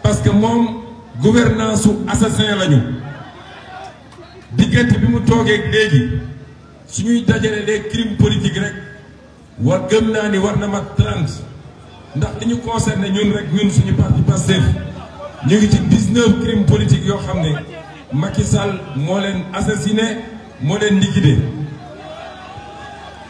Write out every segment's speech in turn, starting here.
parce que moom gouvernance su assassin lañu diggante bi mu toogee léegi suñuy dajale les crimes politiques rek war gëm naa ni war na mat trente ndax li ñu ñun rek ñun suñu parti Pastef ñu ngi ci dix-neuf crimes yoo xam ne makki Sall moo leen assassiné moo leen liquidé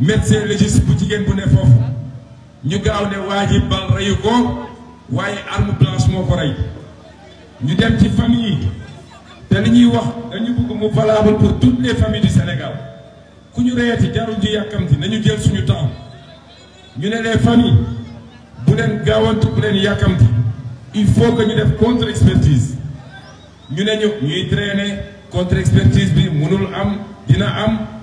médecin légiste bu jigéen bu ne foofu ñu gaaw ne waa bal rayu ko waye arme blanche mo ko rey ñu dem ci famille yi li ñuy wax dañu bëgg mu valable pour toutes les familles du Sénégal ku ñu reyati jarul ju yakamti nañu jël suñu temps ñu né les familles bu len gaawantu bu len yakamti il faut que ñu def contre expertise ñu né ñu ñuy traîner contre expertise bi mënul am dina am.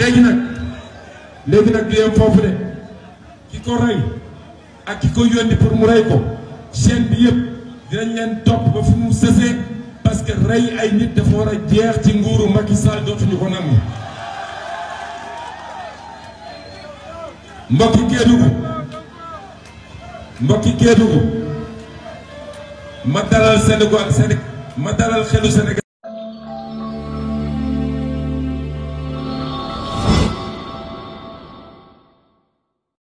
léegi nag léegi nag du yem foofu de ki ko rey ak ki ko yónni pour mu rey ko chaîne bi yëpp dinañ leen topp ba fu mu sësee parce que rey ay nit dafa war a jeex ci nguuru Macky Sall dootuñu ko nangu. mbokki Kédougou mbokki Kédougou ma dalal Sénégal Sénégal ma dalal Sénégal.